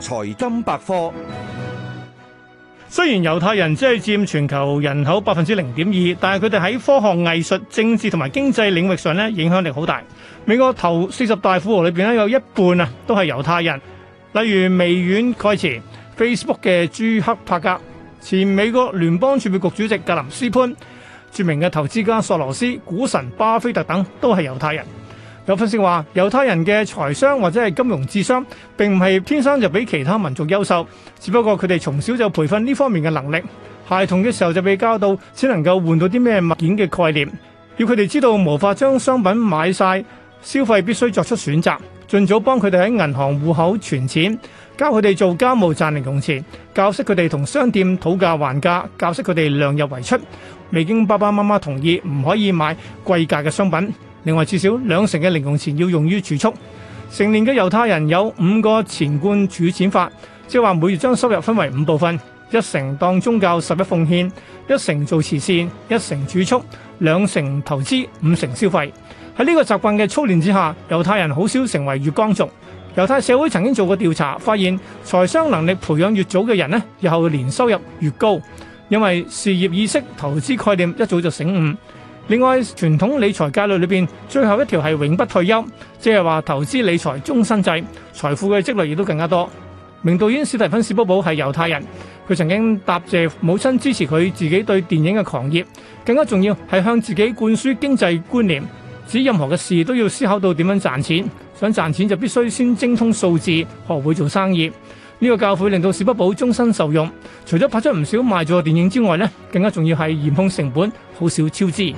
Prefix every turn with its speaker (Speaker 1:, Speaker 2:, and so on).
Speaker 1: 財金百科。雖然猶太人只係佔全球人口百分之零點二，但係佢哋喺科學、藝術、政治同埋經濟領域上咧，影響力好大。美國頭四十大富豪裏邊咧，有一半啊都係猶太人。例如微軟蓋茨、Facebook 嘅朱克帕格、前美國聯邦儲備局主席格林斯潘、著名嘅投資家索羅斯、股神巴菲特等，都係猶太人。有分析話，猶太人嘅財商或者係金融智商並唔係天生就比其他民族優秀，只不過佢哋從小就培訓呢方面嘅能力。孩童嘅時候就被教到，只能夠換到啲咩物件嘅概念，要佢哋知道無法將商品買晒，消費必須作出選擇。儘早幫佢哋喺銀行戶口存錢，教佢哋做家務賺零用錢，教識佢哋同商店討價還價，教識佢哋量入為出，未經爸爸媽媽同意唔可以買貴價嘅商品。另外，至少兩成嘅零用錢要用於儲蓄。成年嘅猶太人有五個錢罐儲錢法，即係話每月將收入分為五部分：一成當宗教十一奉獻，一成做慈善，一成儲蓄，兩成投資，五成消費。喺呢個習慣嘅操練之下，猶太人好少成為月光族。猶太社會曾經做過調查，發現財商能力培養越早嘅人呢，以後年收入越高，因為事業意識、投資概念一早就醒悟。另外，傳統理財戒律裏邊最後一條係永不退休，即係話投資理財終身制，財富嘅積累亦都更加多。名導演史提芬史匹堡係猶太人，佢曾經答謝母親支持佢自己對電影嘅狂熱。更加重要係向自己灌輸經濟觀念，指任何嘅事都要思考到點樣賺錢，想賺錢就必須先精通數字，學會做生意。呢、這個教會令到史匹堡終身受用。除咗拍出唔少賣座電影之外，呢更加重要係嚴控成本好少超支。